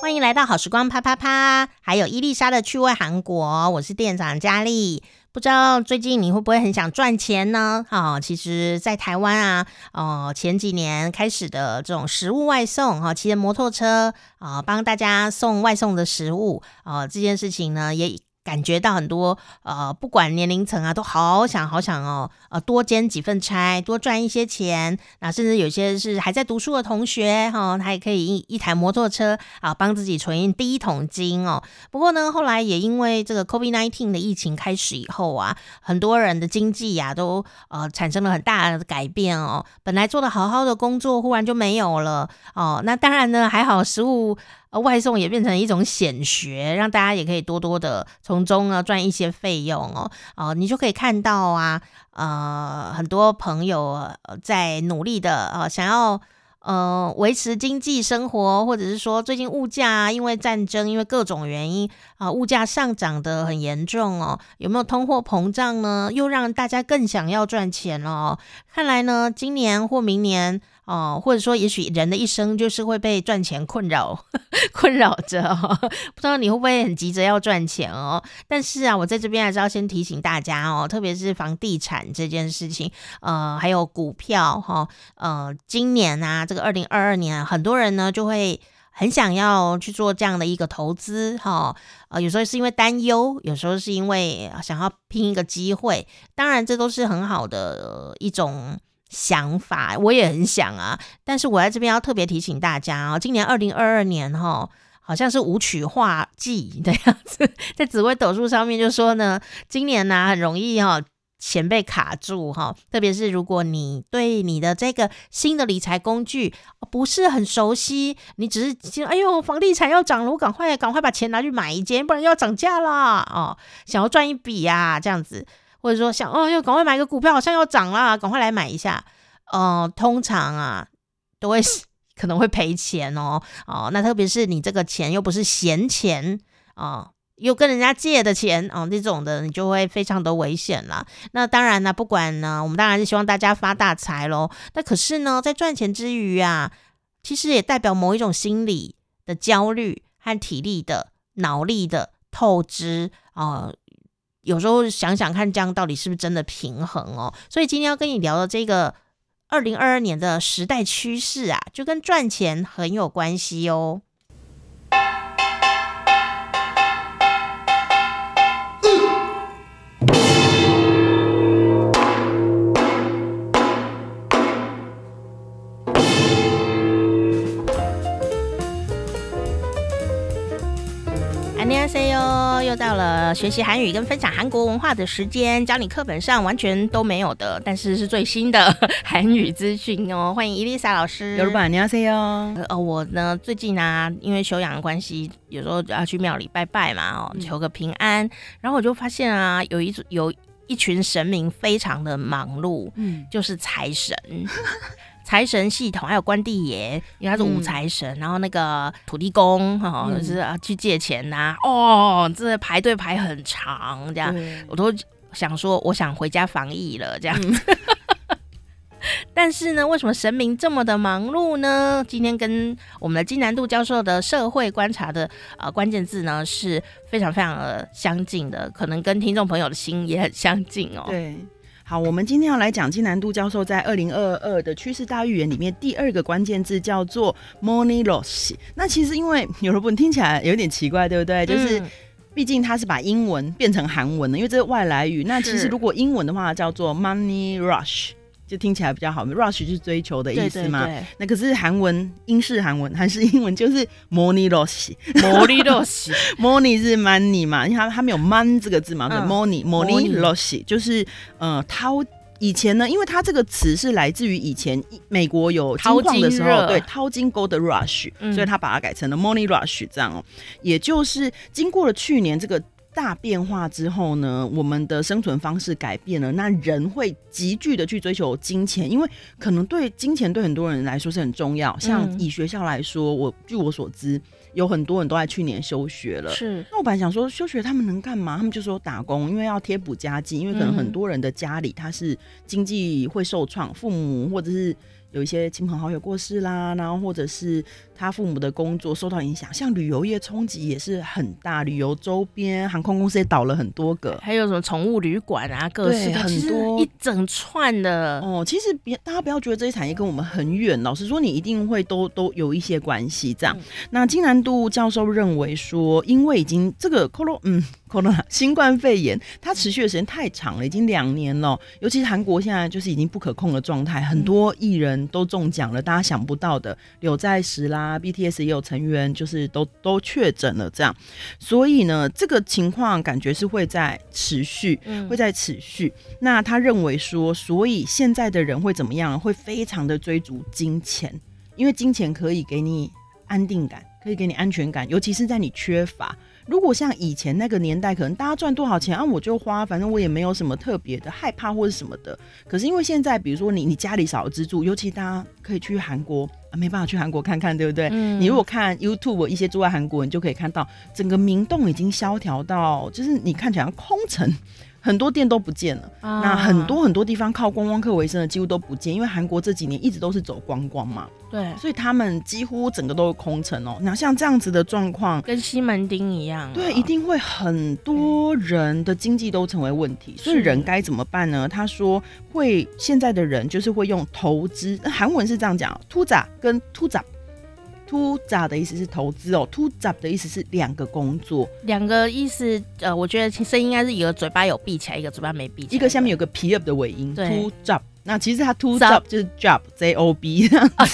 歡迎來到好時光啪啪啪，還有伊麗莎的趣味韓國，我是店長佳麗。不知道最近你會不會很想賺錢呢？啊、哦，其實，在台灣啊，哦，前幾年開始的這種食物外送，哈、哦，騎着摩托車啊、哦，幫大家送外送的食物，啊、哦，這件事情呢，也。感覺到很多呃，不管年齡層啊，都好想好想哦，呃，多兼幾份差，多賺一些錢。那、啊、甚至有些是還在讀書的同學哈，他、哦、也可以一一台摩托車啊，幫自己存第一桶金哦。不過呢，後來也因為這個 COVID-19 的疫情開始以後啊，很多人的經濟呀、啊，都呃產生了很大的改變哦。本來做得好好的工作，忽然就沒有了哦。那當然呢，還好食物。外送也變成一種顯學，讓大家也可以多多的從中呢賺一些費用哦。哦、呃，你就可以看到啊，呃，很多朋友在努力的啊，想要呃維持經濟生活，或者是說最近物價、啊、因為戰爭、因為各種原因啊、呃，物價上漲得很嚴重哦。有沒有通貨膨脹呢？又讓大家更想要賺錢哦。看來呢，今年或明年。哦，或者說，也許人的一生就是會被賺錢困擾，困擾着哦。不知道你會不會很急着要賺錢哦？但是啊，我在這邊還是要先提醒大家哦，特別是房地產這件事情，呃，還有股票哈，哦。呃，今年啊，這個二零二二年啊，很多人呢就會很想要去做這樣的一個投資哈，哦，呃。有時候是因為擔憂，有時候是因為想要拼一個機會。當然，這都是很好的一種。想法，我也很想啊，但是我在這邊要特別提醒大家哦，今年二零二二年哈，好像是武曲化忌，這樣子，在紫微斗數上面就說呢，今年呢、啊、很容易哈錢被卡住哈，特別是如果你對你的這個新的理財工具不是很熟悉，你只是哎呦，房地產要漲了，我趕快趕快把錢拿去買一間，不然又要漲價啦。哦，想要賺一筆呀、啊、這樣子。或者說想哦又趕快買個股票，好像要漲啦，趕快來買一下。呃，通常啊都會可能會賠錢哦。哦、呃，那特別是你這個錢又不是閒錢啊、呃，又跟人家借的錢哦，那、呃、種的你就會非常的危險了。那當然呢，不管呢，我們當然是希望大家發大財嘍。那可是呢，在賺錢之餘啊，其實也代表某一種心理的焦慮和體力的腦力的透支啊。呃有時候想想看，這樣到底是不是真的平衡哦？所以今天要跟你聊的這個二零二二年的時代趨勢啊，就跟賺錢很有關係哦。大家好，又到了學習韓語跟分享韓國文化的時間，教你課本上完全都沒有的，但是是最新的韓語資訊哦。歡迎伊麗莎老師，尤老闆，你要大家好、呃。我呢最近啊，因為休養的關係，有時候就要去廟裡拜拜嘛，哦，求個平安。嗯、然後我就發現啊，有一有一群神明非常的忙碌，嗯，就是財神。 財神系統還有關帝爺，因為他是武財神，嗯、然後那個土地公，哈、哦，嗯、就是啊，去借錢吶、啊，哦，這排隊排很長，這樣，嗯、我都想說，我想回家防疫了，這樣。嗯、 但是呢，為什麼神明這麼的忙碌呢？今天跟我們的金南度教授的社會觀察的、呃、關鍵字呢，是非常非常相近的，可能跟聽眾朋友的心也很相近哦。對。好，我們今天要來講金南度教授在二零二二的趨勢大預言裡面第二個關鍵字叫做 money rush。那其實因為“牛肉布”聽起來有點奇怪，對不對？嗯、就是畢竟他是把英文變成韓文的，因為這是外來語。那其實如果英文的話，是叫做 money rush。就聽起來比較好 rush 是追求的意思嘛？對對對，那可是韓文英式韓文還是英文，就是 money rush，money rush，money 是 money 嘛？因為他它、它沒有 man 這個字嘛，對，money money rush 就是呃淘。以前呢，因為它這個詞是來自於以前美國有淘金的時候，對，淘金 gold rush，嗯、所以他把它改成了 money rush 這樣哦、喔，也就是經過了去年這個。大變化之後呢，我們的生存方式改變了。那人會急劇的去追求金錢，因為可能對金錢對很多人來說是很重要。像以學校來說，我據我所知，有很多人都在去年休學了。是，那我本來想說休學他們能幹嘛？他們就說打工，因為要貼補家計。因為可能很多人的家裡他是經濟會受創，父母或者是。有一些親朋好友過世啦，然後或者是他父母的工作受到影響，像旅遊業衝擊也是很大，旅遊周邊、航空公司也倒了很多個，還有什麼寵物旅館啊，各式很多對實一整串的。哦，其實別大家不要覺得這些產業跟我們很遠，老實說，你一定會都都有一些關係。這樣，嗯、那金南度教授認為說，因為已經這個 Coron 嗯 Corona 新冠肺炎它持續的時間太長了，已經兩年了，尤其是韓國現在就是已經不可控的狀態，很多藝人、嗯。都中獎了，大家想不到的，劉在石啦，BTS 也有成員，就是都都確診了這樣，所以呢，這個情況感覺是會在持續，會在持續。嗯、那他認為說，所以現在的人會怎麼樣？會非常的追逐金錢，因為金錢可以給你安定感，可以給你安全感，尤其是在你缺乏。如果像以前那個年代，可能大家賺多少錢，啊我就花，反正我也沒有什麼特別的害怕或者什麼的。可是因為現在，比如說你你家裡少了支柱，尤其大家可以去韓國啊，沒辦法去韓國看看，對不對？嗯、你如果看 YouTube 一些住在韓國，你就可以看到整個明洞已經蕭條到，就是你看起來空城。很多店都不見了，啊、那很多很多地方靠觀光客為生的幾乎都不見，因為韓國這幾年一直都是走觀光嘛，對，所以他們幾乎整個都是空城哦。那像這樣子的狀況，跟西門町一樣，哦，對，一定會很多人的經濟都成為問題。嗯、所以人該怎麼辦呢？他說會現在的人就是會用投資，那韓文是這樣講，투자跟투자。two job 的意思是投資哦 two job 的意思是兩個工作，兩個意思。呃，我覺得其實應該是一個嘴巴有閉起來，一個嘴巴沒閉起來，一個下面有個 p up 的尾音。對 two job 那其實它 two job 就是 job，j Stop. o b。 啊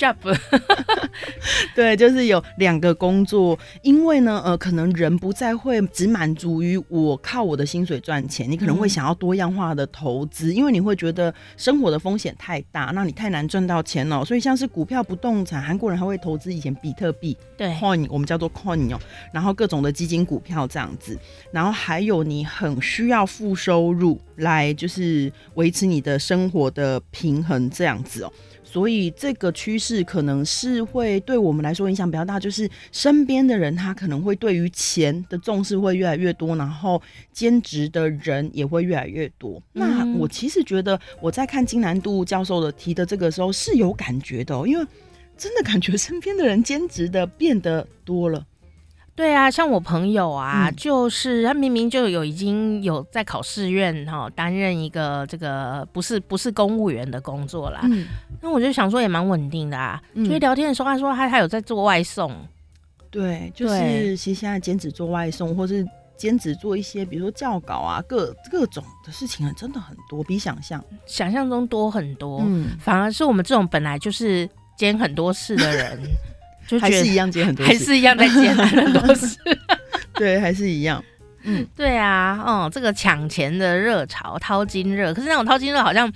對，就是有兩個工作，因為呢，呃，可能人不再會只滿足於我靠我的薪水賺錢，你可能會想要多樣化的投資，嗯、因為你會覺得生活的風險太大，那你太難賺到錢了、喔，所以像是股票、不動產，韓國人還會投資以前比特幣，對，coin，我們叫做 coin 哦、喔，然後各種的基金、股票這樣子，然後還有你很需要副收入來就是維持你的生活的平衡這樣子哦、喔。所以這個趨勢可能是會對我們來說影響比較大，就是身邊的人他可能會對於錢的重視會越來越多，然後兼職的人也會越來越多。嗯、那我其實覺得我在看金南度教授的提的這個時候是有感覺的，因為真的感覺身邊的人兼職的變得多了。對啊，像我朋友啊，嗯、就是他明明就有已經有在考試院哈，擔任一個這個不是不是公務員的工作啦。嗯、那我就想說也蠻穩定的啊。嗯、就是聊天的時候，他說他還有在做外送，對，就是其實現在兼職做外送，或是兼職做一些比如說教稿啊，各各種的事情啊，真的很多，比想象想象中多很多。嗯，反而是我們這種本來就是兼很多事的人。 還是一樣撿很多，還是一樣在撿很多東西，對，還是一樣。嗯，對啊，哦、嗯，這個搶錢的熱潮，淘金熱，可是那種淘金熱好像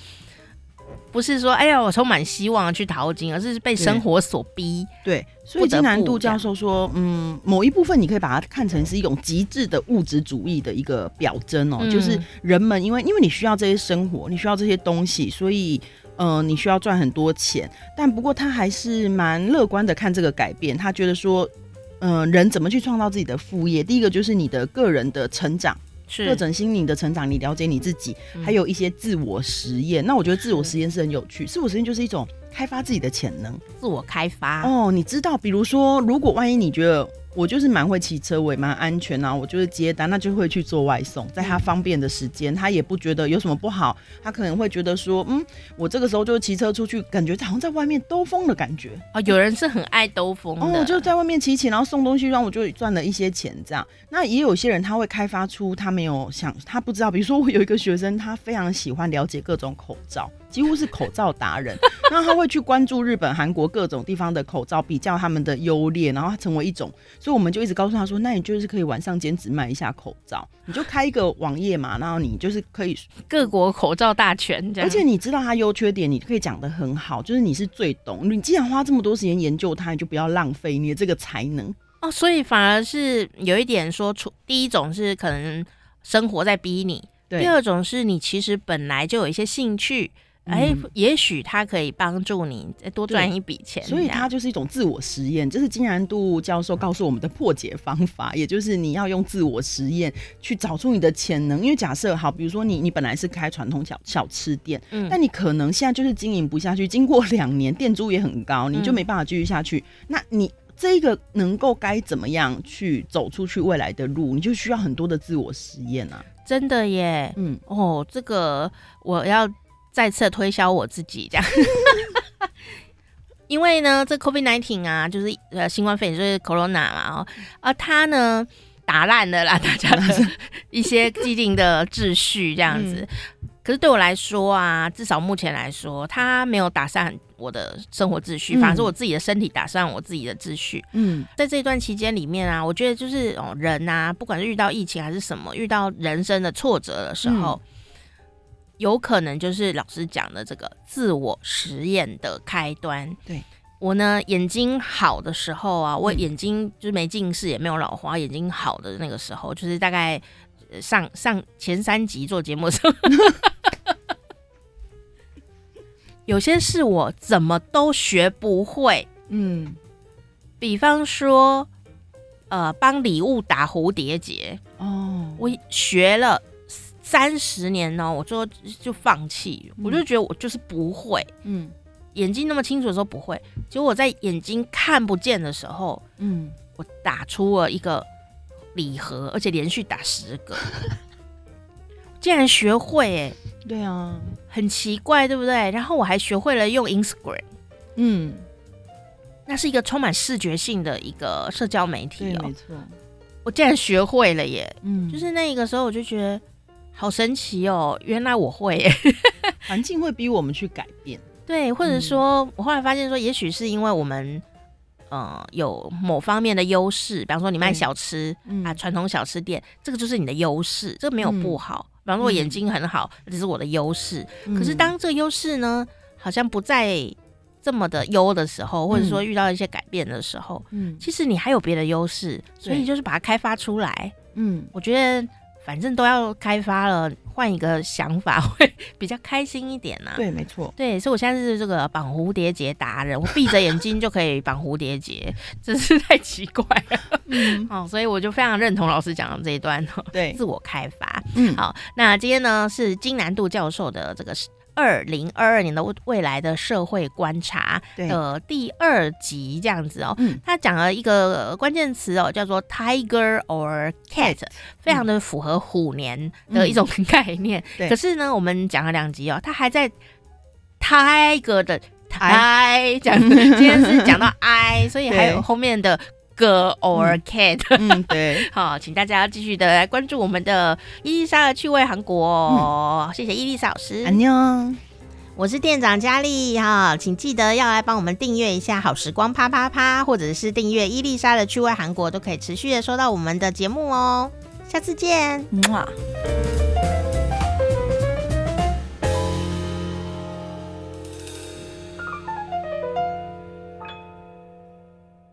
不是說，哎呀，我充滿希望去淘金，而是被生活所逼。對，不不對，所以金南度教授說，嗯，某一部分你可以把它看成是一種極致的物質主義的一個表徵哦，嗯、就是人們因為因為你需要這些生活，你需要這些東西，所以。嗯、呃，你需要賺很多錢，但不過他還是蠻樂觀的看這個改變。他覺得說，嗯、呃，人怎麼去創造自己的副業？第一個就是你的個人的成長，是個人心靈的成長，你了解你自己，還有一些自我實驗。嗯、那我覺得自我實驗是很有趣，是自我實驗就是一種開發自己的潛能，自我開發。哦，你知道，比如說，如果萬一你覺得。我就是蠻會騎車，我也蠻安全啊，我就是接單，那就會去做外送，在他方便的時間，他也不覺得有什麼不好。他可能會覺得說，嗯，我這個時候就騎車出去，感覺好像在外面兜風的感覺啊、哦。有人是很愛兜風的，哦、嗯，我就在外面騎騎，然後送東西，然後我就賺了一些錢這樣。那也有些人他會開發出他沒有想，他不知道，比如說我有一個學生，他非常喜歡了解各種口罩。幾乎是口罩達人，那他會去關注日本、韓國各種地方的口罩， 比較他們的優劣，然後他成為一種。所以我們就一直告訴他說：“那你就是可以晚上兼職賣一下口罩，你就開一個網頁嘛，然後你就是可以各國口罩大全這樣。而且你知道他優缺點，你可以講得很好，就是你是最懂。你既然花這麼多時間研究它，你就不要浪費你的這個才能哦。所以反而是有一點說，出第一種是可能生活在逼你，對第二種是你其實本來就有一些興趣。”哎，欸嗯、也許他可以幫助你、欸、多賺一筆錢，所以他就是一種自我實驗。這、就是金南度教授告訴我們的破解方法，也就是你要用自我實驗去找出你的潛能。因為假設好，比如說你你本來是開傳統小小吃店，嗯，但你可能現在就是經營不下去，經過兩年，店租也很高，你就沒辦法繼續下去。嗯、那你這個能夠該怎麼樣去走出去未來的路，你就需要很多的自我實驗啊！真的耶，嗯，哦，這個我要。再次推銷我自己，這樣， 因為呢，這 COVID nineteen 啊，就是呃，新冠肺炎，就是 Corona 嘛，哦，啊他，它呢打爛了啦，大家的 一些既定的秩序，這樣子。嗯、可是對我來說啊，至少目前來說，它沒有打散我的生活秩序，反而是我自己的身體打散我自己的秩序。嗯，在這一段期間裡面啊，我覺得就是哦，人吶、啊，不管是遇到疫情還是什麼，遇到人生的挫折的時候。嗯有可能就是老師講的這個自我實驗的開端。對，我呢，眼睛好的時候啊，我眼睛就是沒近視，嗯、也沒有老花，眼睛好的那個時候，就是大概上上前三集做節目的時候，有些事我怎麼都學不會。嗯，比方說，呃，幫禮物打蝴蝶結。哦，我學了。三十年呢、喔，我就,就放棄，我就覺得我就是不會，嗯，眼睛那麼清楚的時候不會。結果我在眼睛看不見的時候，嗯，我打出了一個禮盒，而且連續打十個， 我竟然學會、欸、對啊，很奇怪，對不對？然後我還學會了用 Instagram，嗯，那是一個充滿視覺性的一個社交媒體哦、喔。沒錯，我竟然學會了耶！嗯，就是那個時候我就覺得。好神奇哦！原來我會，環境會逼我們去改變。對，或者說我後來發現說，也許是因為我們，呃，有某方面的優勢，比方說你賣小吃啊，傳統小吃店，這個就是你的優勢，這個沒有不好。比方說我眼睛很好，這是我的優勢。可是當這個優勢呢，好像不再這麼的優的時候，或者說遇到一些改變的時候，嗯，其實你還有別的優勢，所以就是把它開發出來。嗯，我覺得。反正都要開發了，換一個想法會比較開心一點呢、啊。對，沒錯。對，所以我現在是這個綁蝴蝶結達人，我閉着眼睛就可以綁蝴蝶結， 真是太奇怪了、嗯哦。所以我就非常認同老師講的這一段，對，自我開發。嗯對，好，那今天呢是金南度教授的這個二零二二年的未來的社會觀察的第二集這樣子哦，他對講了一個關鍵詞哦，叫做 Tiger or Cat，對非常的符合虎年的一種概念。對可是呢，我們講了兩集哦，他還在 Tiger 的 Tiger，I 講今天是講到 I， 所以還有後面的。哥 or cat，嗯，嗯，對，好、 哦，請大家繼續的來關注我們的伊麗莎的趣味韓國哦，嗯、謝謝伊麗莎老師，안녕我是店長佳麗哈、哦，請記得要來幫我們訂閱一下好時光啪啪啪，或者是訂閱伊麗莎的趣味韓國，都可以持續的收到我們的節目哦，下次見，嗯啊。